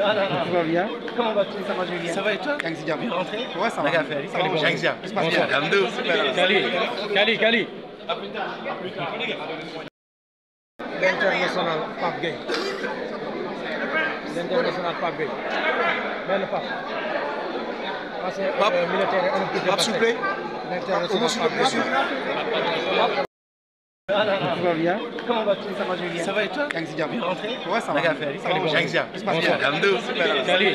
Ah non, non. Tout va bien Comment vas-tu Julien Ça Bien rentré Ouais, ça va. Ça va, Bien Ça se À plus tard. À plus tard. L'international Pape Gay. L'international Non, non, non. Tout va bien Comment vas-tu Ça va, Julien Ça va et toi Gangziam. Tu es rentré Ouais, ça va. Ça va, Gangziam. Tout se passe bien. Hamdou. Salut.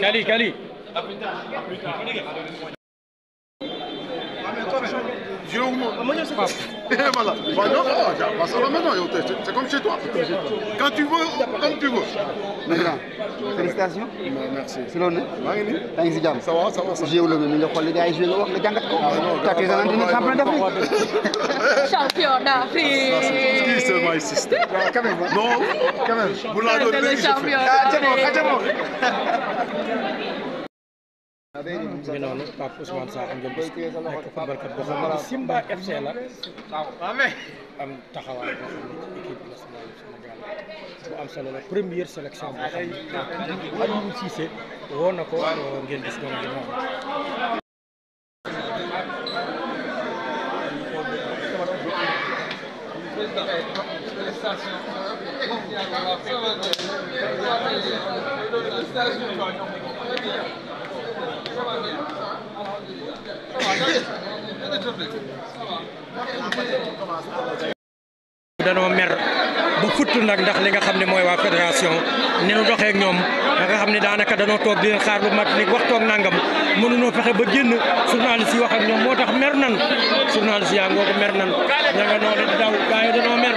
Kali, Kali. À plus tard. À plus tard. wziął mu... A Monia sobie... Voilà. Bah non, on passe là maintenant, c'est comme chez toi. Quand tu veux, comme tu veux. Maintenant, félicitations. Merci. Si l'on est. maa ngi si jàmm. ça va ça va. joué wu la ñu nga xool li gars yi joué nga wax nga jàngat ko. artisanat dina champion d'Afrique. champion d'Afrique. kii c'est ma sister. quand même non quand même. bu laa doon léegi je fais. ah c'est bon ah c'est bon. mu ah, ngi noonu Pape Ousmane Sakho ngeen gis nekk footballkat boo xam ne Simba am taxawaay boo xam ne ci équipe nationale Sénégal bu am ah, ko ngeen gis noonu di noonu danoo mer ba futt nak ndax li nga xam ne mooy waa fédération ni nu doxee ñoom da nga xam ne daanaka danoo toog di leen xaar lu mat ni waxtoog nangam mënunoo fexe ba génn journaliste yi wax ak ñoom moo tax mer nan journaliste yaa ngoogu mer nan ña nga noonu daw gaa danoo mer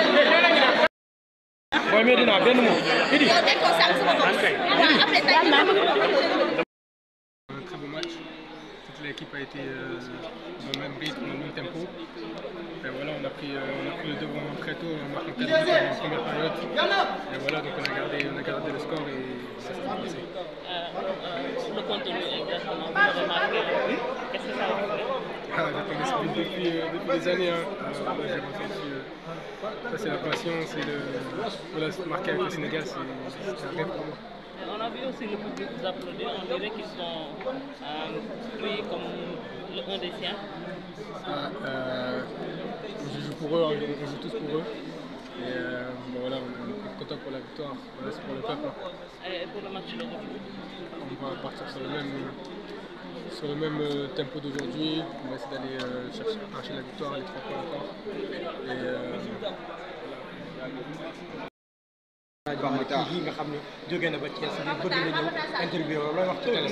l'équipe a été euh, dans le même rythme, au même tempo. Et voilà, on a pris, euh, on a pris le devant très tôt, on a pris en première période. Et voilà, donc on a gardé, on a gardé le score et ça s'est passé. Euh, le contenu exactement, vous l'avez marqué. Qu'est-ce que ça a fait ah, J'attendais ce but depuis, euh, depuis des années. Hein. Alors, euh, là, j'ai ressenti, euh, ça c'est la passion, c'est le, voilà, marquer avec le Sénégal, c'est un rêve pour moi. Euh, on a vu aussi le public vous applaudir, on dirait qu'ils sont euh, pris comme un des siens. Ah, euh, on, on joue tous pour eux. Et euh, voilà, on est content la victoire, voilà, c'est pour le peuple. Et pour le match de On va partir sur le même, sur le même euh, tempo d'aujourd'hui, on va essayer d'aller chercher, la victoire, les trois points Bamba Taax yi nga xam ne jóge na ba Thiès bi bëgg na ñëw interview looy wax ci télé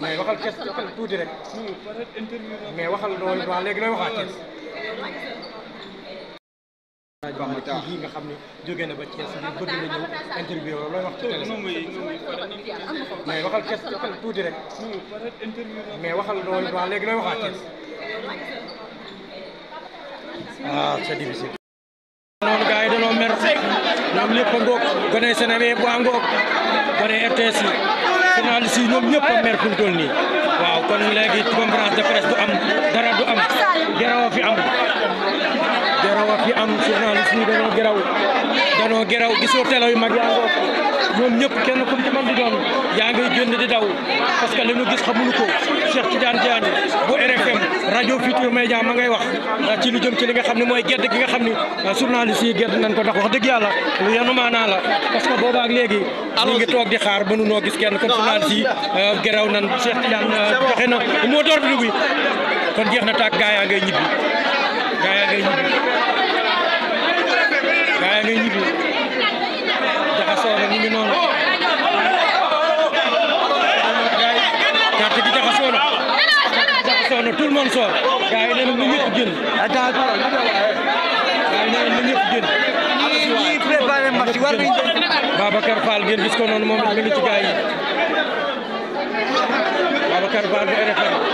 mais waxal Thiès tuuti rek mais waxal looy waa léegi looy waxaat Thiès Bamba Taax yi nga xam ne jóge na ba Thiès bi bëgg na ñëw interview looy wax ci télé mais waxal Thiès tuuti rek mais waxal looy waa léegi looy waxaat Thiès ah c'est difficile mer ñoom ñëpp a ngoog gone Seneweb bu a ngoog gone RTS yi journaliste yi ñoom ñëpp a mer fu mu toll nii waaw kon léegi conférence de presse du am dara du am geraw fi am geraw fi am journaliste danoo geraw danoo geraw gisoo télé yu mag yaa ngoog ñoom ñëpp kenn ku ci yaa ngay génn di daw parce que li nu gis xamuñu ko Cheikh jaan Diagne bu RFM rajo Futurs Médias ma ngay wax ah, ci lu jëm ci li nga xam ne mooy gedd gi nga xam ne ah, journaliste yi gedd nañ ko ndax wax dëgg yàlla lu yenu maanaa la parce que boobaak léegi ñu ngi toog di xaar ba nu noo gis kenn comme journaliste yi ah, geraw nan Cheikh Tidiane joxe na moo door bi kon jeex na tàkk gaa yaa ngay ñibbi gaa yaa ñibbi sort na tout le monde sort gars yi nee na ñëpp génn. gars yi nee na ñëpp génn. ñii préparé match war nañu Babacar Fall ngeen gis ko noonu moom mi ngi ci gars yi Babacar Fall bu RFM